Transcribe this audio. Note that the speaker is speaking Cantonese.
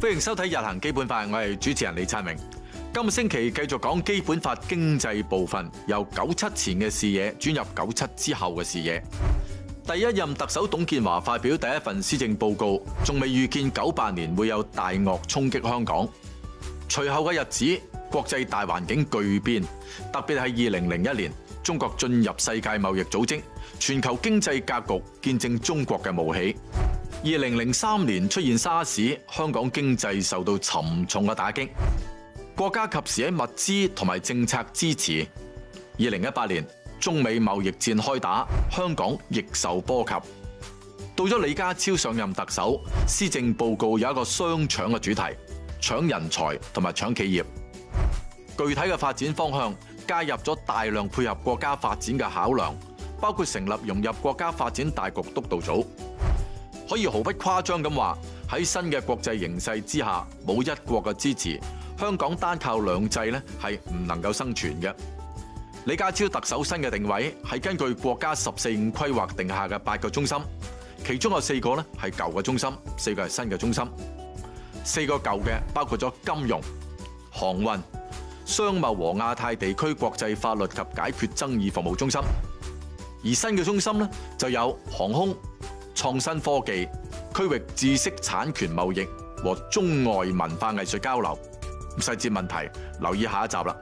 歡迎收睇《日行基本法》，我係主持人李燦明。今個星期繼續講基本法經濟部分，由九七前嘅視野轉入九七之後嘅視野。第一任特首董建華發表第一份施政報告，仲未預見九八年會有大鱷衝擊香港。隨後嘅日子，國際大環境巨變，特別係二零零一年，中國進入世界貿易組織，全球經濟格局見證中國嘅冒起。二零零三年出現沙士，香港經濟受到沉重嘅打擊。國家及時喺物資同埋政策支持。二零一八年中美貿易戰開打，香港亦受波及。到咗李家超上任特首，施政報告有一個雙搶嘅主題：搶人才同埋搶企業。具體嘅發展方向加入咗大量配合國家發展嘅考量，包括成立融入國家發展大局督導組。可以毫不誇張咁話，喺新嘅國際形勢之下，冇一國嘅支持，香港單靠兩制呢係唔能夠生存嘅。李家超特首新嘅定位係根據國家十四五規劃定下嘅八個中心，其中有四個呢係舊嘅中心，四個係新嘅中心。四個舊嘅包括咗金融、航運、商貿和亞太地區國際法律及解決爭議服務中心，而新嘅中心呢，就有航空。創新科技、區域知識產權貿易和中外文化藝術交流。咁細節問題，留意下一集啦。